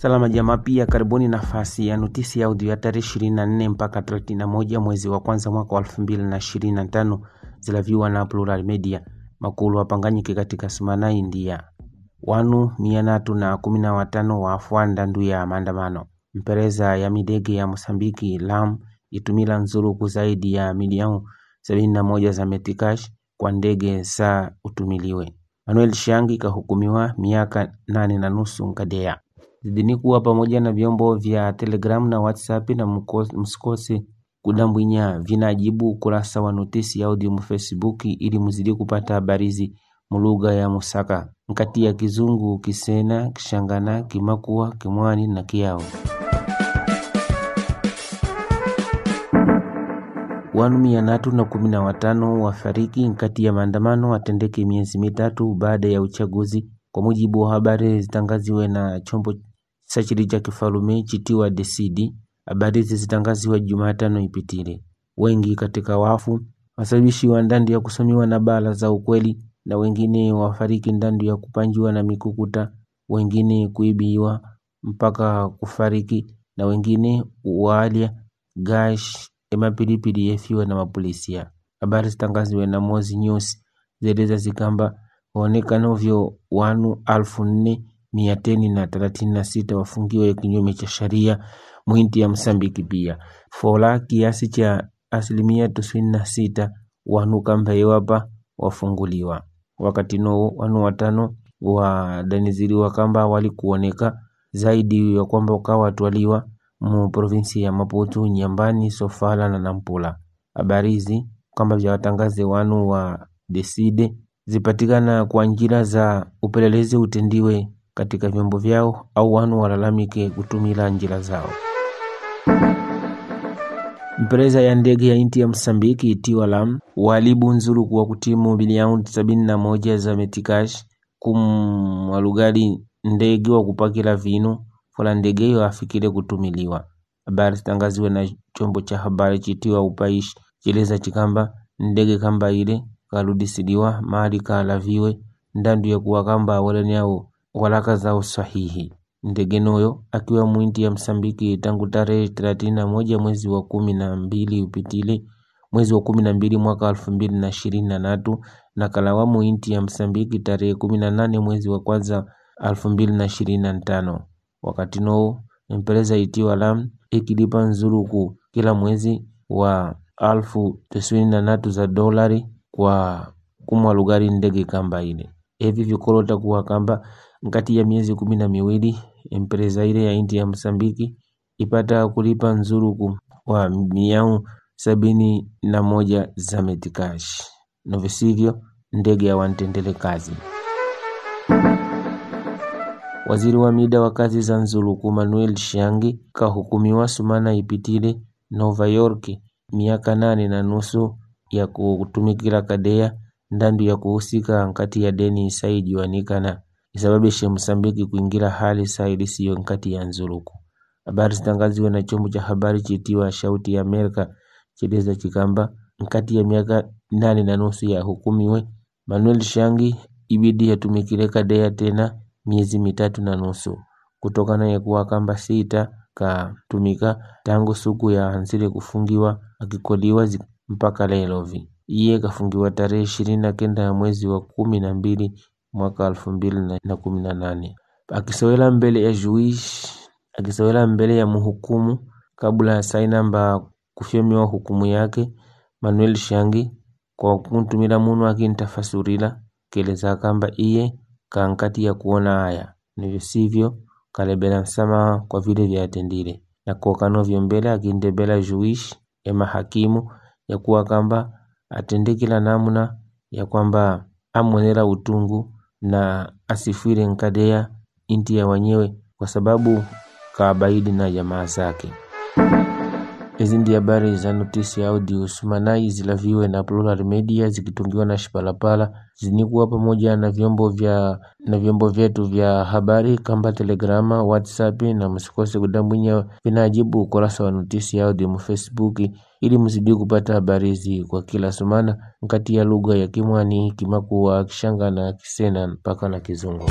Salama jamaa, pia karibuni nafasi ya notisi ya audio ya tarehe 24 mpaka 31 mwezi wa kwanza mwaka wa 2025 zilaviwa na Plural Media makulu wapanganyike katika sumana India wanu mia na wafwa ndandu ya maandamano mpereza ya midege ya Mosambiki lam itumila nzuruku zaidi ya milioni sabini na moja za metikash kwa ndege saa utumiliwe. Manuel Shangi kahukumiwa miaka nane na nusu nkadea Zidini kuwa pamoja na vyombo vya Telegram na Whatsapp na msikose kudambwinya vinajibu ukurasa wa Notisi Audio mu Facebook ili muzidi kupata habarizi mulugha ya Musaka nkati ya Kizungu, Kisena, Kishangana, Kimakua, Kimwani na Kiao. Wanu mia natu na kumi na watano wafariki nkati ya maandamano atendeke miezi mitatu baada ya uchaguzi, kwa mujibu wa habari zitangaziwe na chombo Sachiri cha kifalume chitiwa desidi habari zizitangaziwa Jumatano ipitile. Wengi katika wafu wasababishiwa ndandu ya kusomiwa na bala za ukweli, na wengine wafariki ndandu ya kupanjiwa na mikukuta, wengine kuibiwa mpaka kufariki, na wengine waalya gash emapilipili yefiwa na mapolisia. Habari zitangaziwe na Mozi News zeleza zikamba waonekanovyo wanu alfu nne mia teni na thelathini na sita wafungiwe kinyume cha sheria mwinti ya Msambiki pia fola kiasi cha asilimia tisini na sita wanu kambe wapa wafunguliwa wakati no wanu watano wa kamba walikuoneka zaidi ya kwamba ukawatwaliwa mu provinsi ya Maputo Nyambani Sofala na Nampula. Habari hizi kamba vya watangaze wanu wa deside zipatikana kwa njira za upelelezi utendiwe katika vyombo vyao au wanu walalamike kutumila njira zao. Mpereza ya ndege ya inti ya Msambiki itiwa lam nzuru kuwa kutimu biliaundi sabini na moja za metikash kumwalugali ndege wa kupakila vinu fola ndege hiyo afikile kutumiliwa. Habari zitangaziwe na chombo cha habari chitiwa upaishi chileza chikamba ndege kamba ile karudisiliwa mahali kaalaviwe ndandu ya kuwa kamba awoleni ao waraka za usahihi ndege noyo akiwa mwindi ya Msambiki tangu tarehe 31 mwezi wa kumi na mwezi wa kumi na mbili mwaka elfu mbili na ishirini na na kalawamu inti ya Msambiki tarehe kumi na mwezi wa kwanza elfu tano wakati noo empresa itiwa lam ikilipa nzuruku kila mwezi wa alfu tisini na tatu za dolari kwa kumwa lugari ndege kamba ile Evi vikolo takuwa kamba nkati ya miezi kumi na miwili empresa ile ya inti ya Msambiki ipata kulipa nzuruku wa miau sabini na moja za metikashi novisivyo ndege wantendele kazi. Waziri wa mida wa kazi za nzuruku Manuel Shangi kahukumiwa sumana ipitile Nova York miaka nane na nusu ya kutumikila kadea Ndandu ya kuhusika nkati ya deni isaa ijulikane na isababishe Msambiki kuingira hali saa ilisiyo nkati ya nzuluku habari zitangaziwe na chombo cha habari chitiwa Shauti ya Amerika chiliza chikamba nkati ya miaka nane na nusu yahukumiwe Manuel Shangi ibidi yatumikile kadea tena miezi mitatu na nusu kutokana ya kuwa kamba sita katumika tangu suku anzile kufungiwa akikoliwa mpaka lelovi iye kafungiwa tarehe ishirini na kenda ya mwezi wa kumi na mbili mwaka elfu mbili na kumi na nane akisowela mbele ya juish akisowela mbele ya mhukumu kabla ya sainamba kufyomiwa hukumu yake Manuel Shangi kwa kuntumila munu akintafasurila keleza kamba iye kankati ya kuona aya nivyo sivyo kalebela msamaha kwa vile vyatendile na kokano mbele akindebela juish ya mahakimu ya kuwa kamba atende kila namna ya kwamba amwonela utungu na asifwile nkadea inti ya wanyewe kwa sababu kawabaidi na jamaa zake ndi habari za notisi ya audio sumanai zilaviwe na Plural Media zikitungiwa na Shipalapala zinikuwa pamoja na vyombo vya na vyombo vyetu vya habari kamba Telegrama, WhatsApp na msikose kudambwinya vinaajibu ukurasa wa notisi ya audio mu ili mzidi kupata habari hizi kwa kila sumana nkati ya lugha ya Kimwani, Kimakuwa, Kishanga na Kisena mpaka na Kizungu.